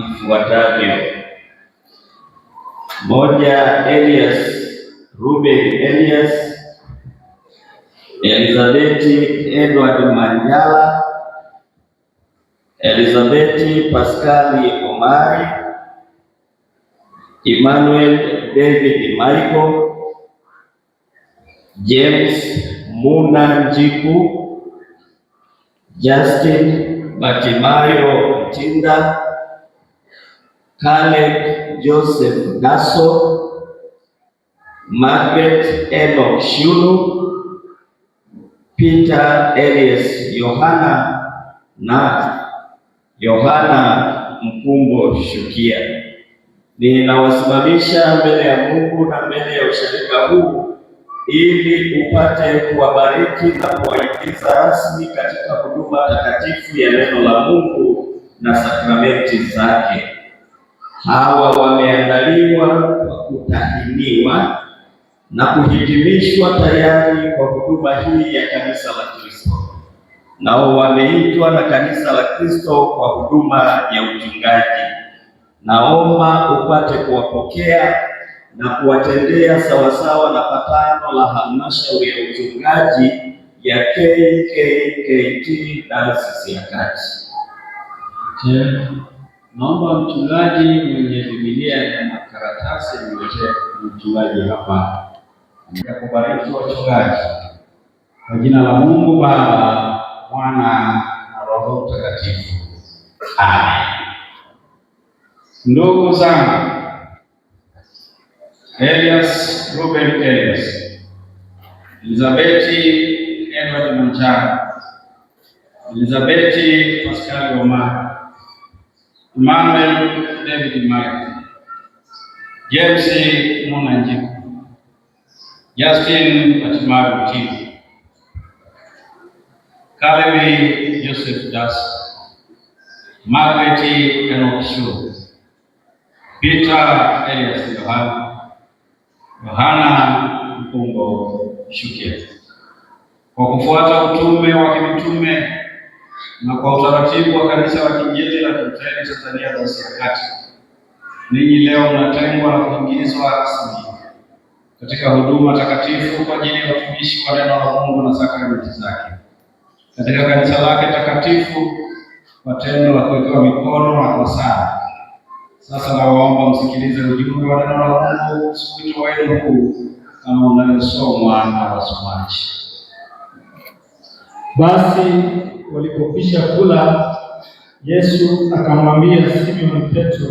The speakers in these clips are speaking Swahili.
ifuatavyo: moja, Elias Ruben Elias, Elizabeti Edward Manjala, Elizabeti Paskali Omari, Emmanuel David Michael, James Muna Njiku, Justin Matimayo Mtinda Caleb Joseph Daso, Margaret Enoch Shulu, Peter Elias Yohana na Yohana Mkumbo Shukia. Ninawasimamisha mbele ya Mungu na mbele ya usharika huu ili upate kuwabariki na kuwaingiza rasmi katika huduma takatifu ya neno la Mungu na sakramenti zake hawa wameandaliwa kwa kutahiniwa na kuhitimishwa tayari kwa huduma hii ya kanisa la Kristo. Nao wameitwa na kanisa la Kristo kwa huduma ya uchungaji. Naomba upate kuwapokea na kuwatendea sawasawa na patano la halmashauri ya uchungaji ya KKKT Dayosisi ya Kati. Naomba mchungaji mwenye Biblia ya makaratasi niletee mchungaji hapa. kubariki wachungaji kwa jina la Mungu Baba, Mwana na Roho Mtakatifu. Amen. Ndugu zangu, Elias Ruben Elias, Elizabeti Edward Manjaro, Elizabeti Pascal Omar Emmanuel David Mike, James Munanji Justin Atimaru Mtini, Karemi Joseph Das, Margaret Enokishu, Peter Elias Yohana, Yohana Mpungo Shukia, kwa kufuata utume wa kimtume na kwa utaratibu wa kanisa la Kiinjili la Kilutheri Tanzania Dayosisi ya Kati, ninyi leo mnatengwa na kuingizwa rasmi katika huduma takatifu kwa ajili ya utumishi wa neno la Mungu na sakramenti zake katika kanisa lake takatifu watendo la kuwekewa mikono na kosana. Sasa nawaomba msikilize ujumbe wa neno la Mungu, wito wenu kama unavyosomwa na wasomaji. Basi walipokwisha kula, Yesu akamwambia Simoni Petro,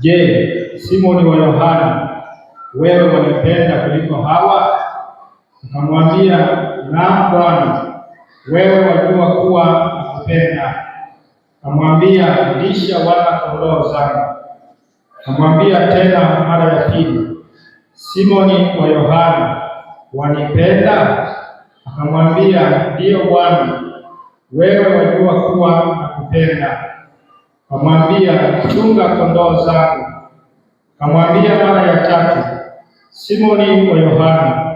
Je, Simoni wa Yohana, wewe wanipenda kuliko hawa? Akamwambia, naam Bwana, wewe wajua kuwa nakupenda. Akamwambia, lisha wana kondoo zangu. Akamwambia tena mara ya pili, Simoni wa Yohana, wanipenda? akamwambia, ndiyo Bwana, wewe wajua kuwa nakupenda. Akamwambia, chunga kondoo zangu. Akamwambia mara ya tatu, Simoni kwa Yohana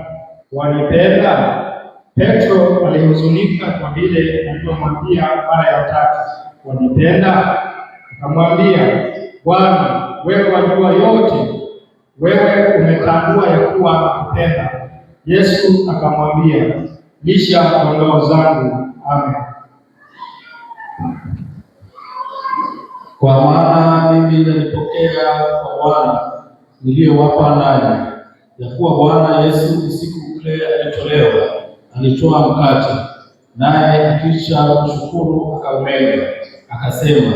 wanipenda? Petro alihuzunika kwa vile alipomwambia mara ya tatu, wanipenda? Akamwambia, Bwana, wewe wajua yote, wewe umetambua ya kuwa nakupenda. Yesu akamwambia lisha kondoo zangu. Amen. Kwa maana mimi nalipokea kwa Bwana niliyowapa nanyi, ya kuwa Bwana Yesu usiku ule alitolewa, alitoa mkate, naye akisha kushukuru akaumega, akasema,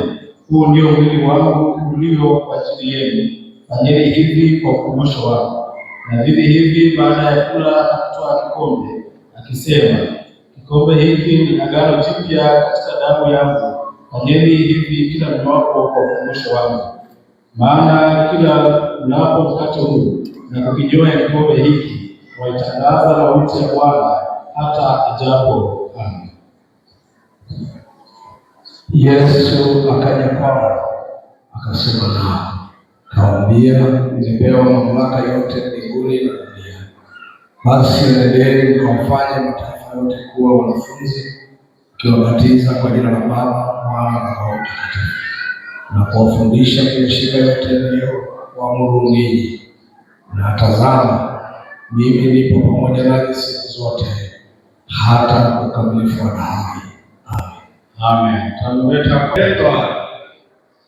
huu ndio mwili wangu ulio kwa ajili yenu, fanyeni hivi kwa ukumbusho wangu. Na vivi hivi baada ya kula akatoa kikombe akisema, kikombe hiki ni agano jipya katika damu yangu, fanyeni hivi kila mmoja kwa ukumbusho wangu. Maana kila mnapo mkate huu na kukinywea kikombe hiki, waitangaza mauti ya Bwana hata ijapo. Amen. Yesu akaja kwao akasema nao, kawaambia, nimepewa mamlaka yote mbinguni na basi enendeni mkawafanye mataifa yote kuwa wanafunzi, ukiwabatiza kwa jina la Baba, Mwana na Roho Mtakatifu, na kuwafundisha kuyashika yote niliyowaamuru ninyi. Na tazama, mimi nipo pamoja nanyi siku zote hata ukamilifu wa dahari. Amen.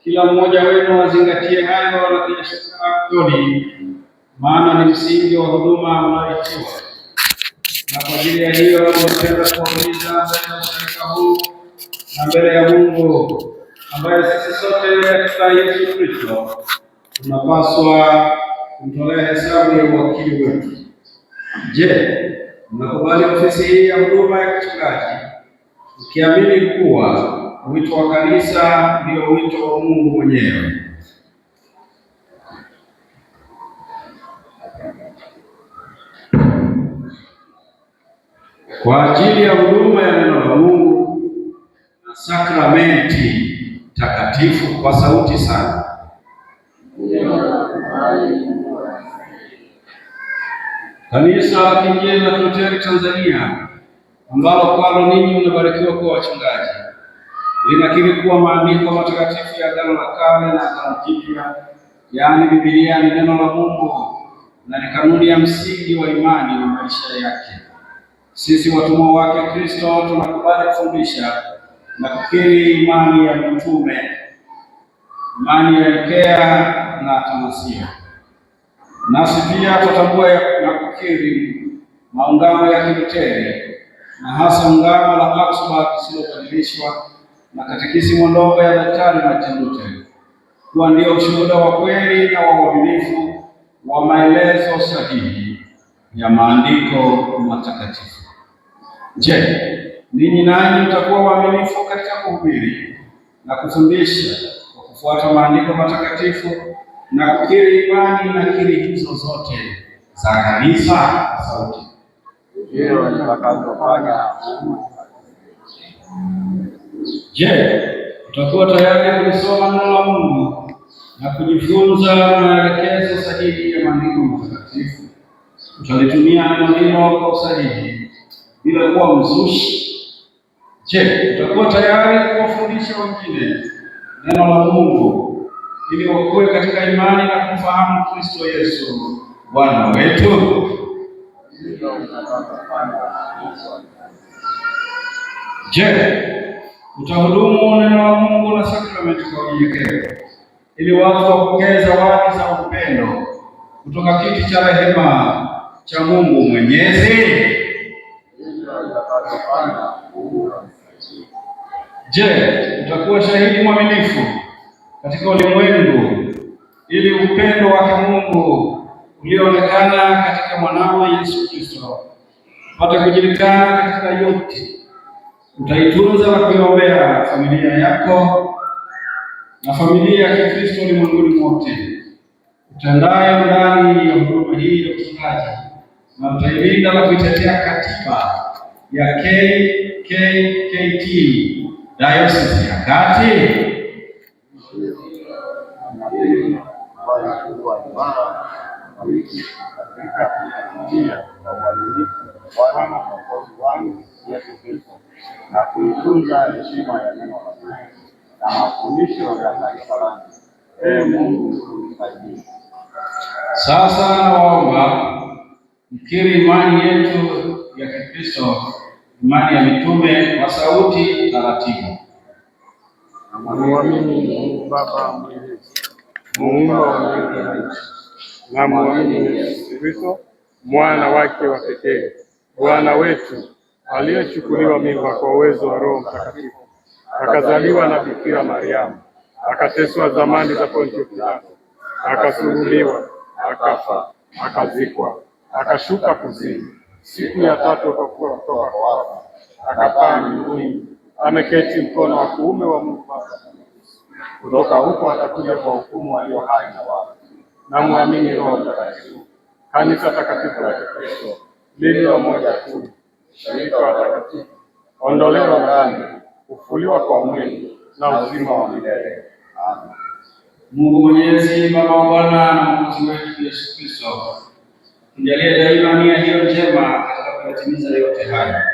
Kila mmoja wenu azingatie hayo na kuyashika yote maana ni msingi wa huduma unaoitiwa, na kwa ajili ya hiyo nimependa kuwauliza mbele ya ushirika huu na mbele ya Mungu ambaye sisi sote katika Yesu Kristo tunapaswa kumtolea hesabu ya uwakili wetu. Je, mnakubali ofisi hii ya huduma ya kichungaji ukiamini kuwa wito wa kanisa ndio wito wa Mungu mwenyewe? kwa ajili ya huduma ya neno la Mungu na sakramenti takatifu kwa sauti sana. Kanisa la Kiinjili la Kilutheri Tanzania ambalo kwalo ninyi mnabarikiwa kuwa wachungaji linakiri kuwa maandiko matakatifu ya Agano la Kale na Agano Jipya, yaani Biblia, ni neno la Mungu na ni kanuni ya msingi wa imani na maisha yake. Sisi watumwa wake Kristo tunakubali kufundisha na kukiri imani ya mtume, imani ya Nikea na Tamasia. Nasi pia tutambua na kukiri maungano ya Kilutheri na hasa ungano la Augsburg lisilokamilishwa na katekisimu ndogo ya Daktari Martin Luther kuwa ndio ushuhuda wa kweli na wa uaminifu wa maelezo sahihi ya maandiko matakatifu. Je, ninyi nanyi mtakuwa waaminifu katika kuhubiri na kufundisha kwa kufuata maandiko matakatifu na kukiri imani na kiri hizo zote za kanisa sauti Je, utakuwa tayari kulisoma neno la Mungu na kujifunza maelekezo sahihi ya maandiko matakatifu? Utalitumia neno hilo kwa usahihi bila kuwa mzushi. Je, utakuwa tayari kuwafundisha wengine neno la Mungu ili wakuwe katika imani na kumfahamu Kristo Yesu Bwana wetu? Je, utahudumu neno la Mungu na sakramenti kwa unyenyekevu ili watu wapokee zawadi za upendo kutoka kiti cha rehema cha Mungu Mwenyezi? Je, utakuwa shahidi mwaminifu katika ulimwengu ili upendo wa Mungu ulioonekana katika mwanawe Yesu Kristo upate kujulikana katika yote. Utaitunza na kuiombea familia yako na familia ya Kikristo ulimwenguni mote, utendayo ndani ya huduma hii ya kusikaji na utailinda na kuitetea katiba ya KKKT Dayosisi ya Kati na kuitunza heshima ya neno na mafundisho ya taifa langu. Ee Mungu unisaidie. Sasa naomba mkiri imani yetu ya Kikristo imani ya mitume kwa sauti taratibu. Namwamini Baba Mwenyezi, muumba wa mbingu na nchi, namwamini Yesu Kristo mwana wake wa pekee, Bwana wetu aliyechukuliwa mimba kwa uwezo wa Roho Mtakatifu, akazaliwa na Bikira Mariamu, akateswa zamani za Pontio Pilato, akasulubiwa, akafa, akazikwa, akashuka kuzimu siku ya tatu atakuwa kutoka kwa wafu. Akapaa mbinguni, ameketi mkono wa kuume wa Mungu Baba. Kutoka huko atakuja kwa hukumu walio hai na wafu. Namwamini Roho Mtakatifu, kanisa takatifu la Kikristo, lililo wa moja tu, shirika watakatifu, ondoleo la dhambi, kufufuliwa kwa mwili na uzima wa milele. Amen. Mungu Mwenyezi, Baba wa Bwana na Mwokozi wetu Yesu Kristo Mjalie daima nia hiyo njema katika kuyatimiza yote haya.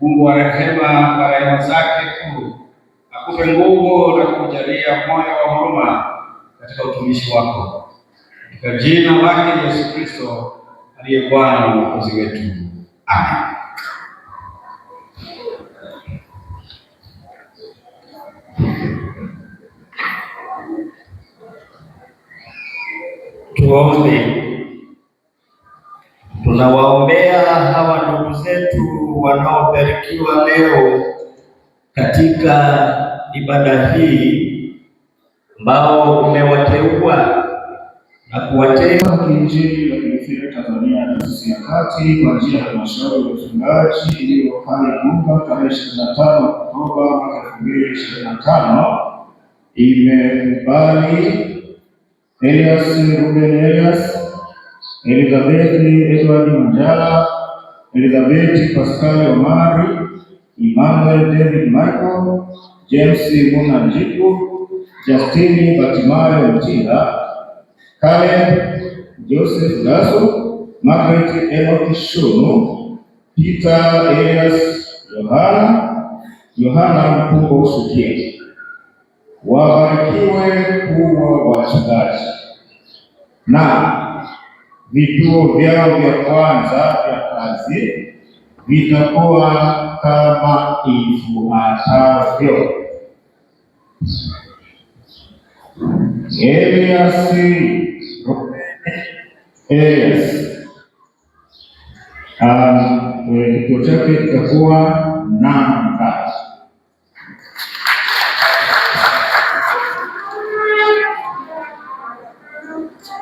Mungu wa rehema, kwa rehema zake kuu, akupe nguvu na kukujalia moyo wa huruma katika utumishi wako, katika jina lake Yesu Kristo aliye Bwana na Mwokozi wetu, amen. Tuombe. Tunawaombea hawa ndugu zetu wanaobarikiwa leo katika ibada hii ambao umewateua na kuwateua Injili ya Kilutheri Tanzania Dayosisi ya Kati kwa njia ya halmashauri ya utungaji iliyofanya Gumba tarehe 25 Oktoba mwaka 2025 imekubali Elias Ruben Elias Elizabeti Edward Manjala, Elizabeti Pascal Omari, Emmanuel David Michael, James Muna Njiku, Justini Batimayo Mtila, Caleb Joseph Gaso, Margaret Enoch shunu Peter Elias Yohana, Yohana Mkumbo Usukia. Wabarikiwe kuwa wachungaji na vituo vyao vya kwanza vya kazi vitakuwa kama ifuatavyo: Eliasi, Eliasi ah, eh, kituo chake kitakuwa na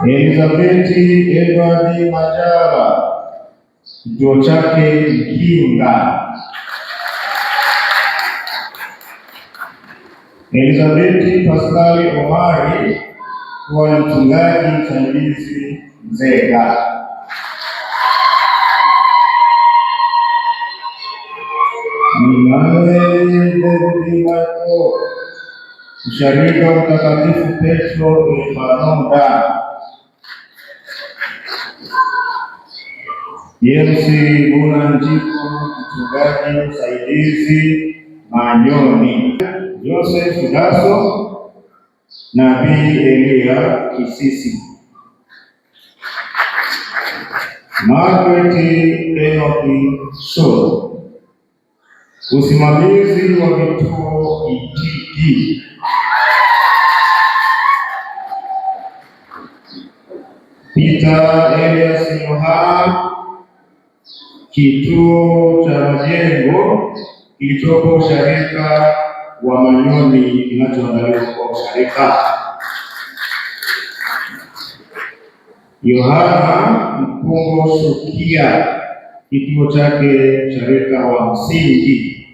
Elizabeti Edward Majara, kituo chake Kinga. Elizabeti Paskali Omari kuwa ni mchungaji msaidizi Nzega. Emmanuel Mtakatifu Petro Ifanonda yesi Muna Njiku, mchungaji msaidizi Manyoni, Joseph Daso, Nabii Elia Kisisi, Margaret Enoki So, usimamizi wa vituo Itigi. Peter Elias Yohana kituo cha majengo kilichopo usharika wa Manyoni kinachoandaliwa kwa usharika. Yohana Mpungo Sukia, kituo chake usharika wa msingi.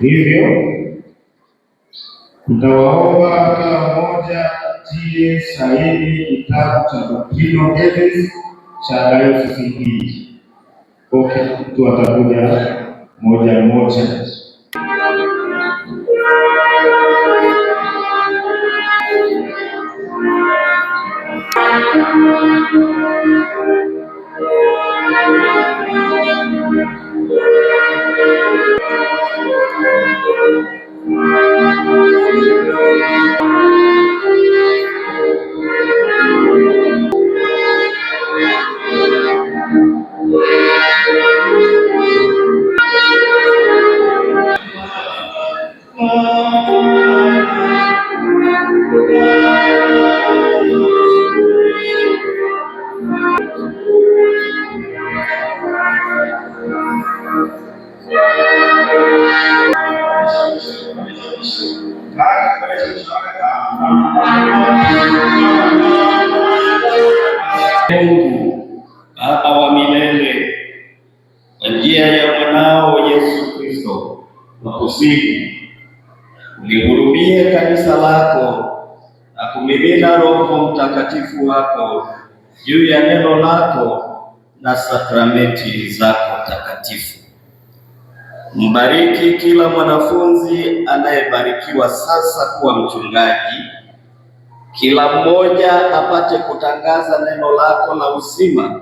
Hivyo nitawaomba kila mmoja tie sahihi kitabu cha Doctrine cha RCCB. Okay, mtu atakuja moja moja. usiku, ulihurumie kanisa lako na kumimina Roho Mtakatifu wako juu ya neno lako na sakramenti zako takatifu. Mbariki kila mwanafunzi anayebarikiwa sasa kuwa mchungaji, kila mmoja apate kutangaza neno lako la uzima.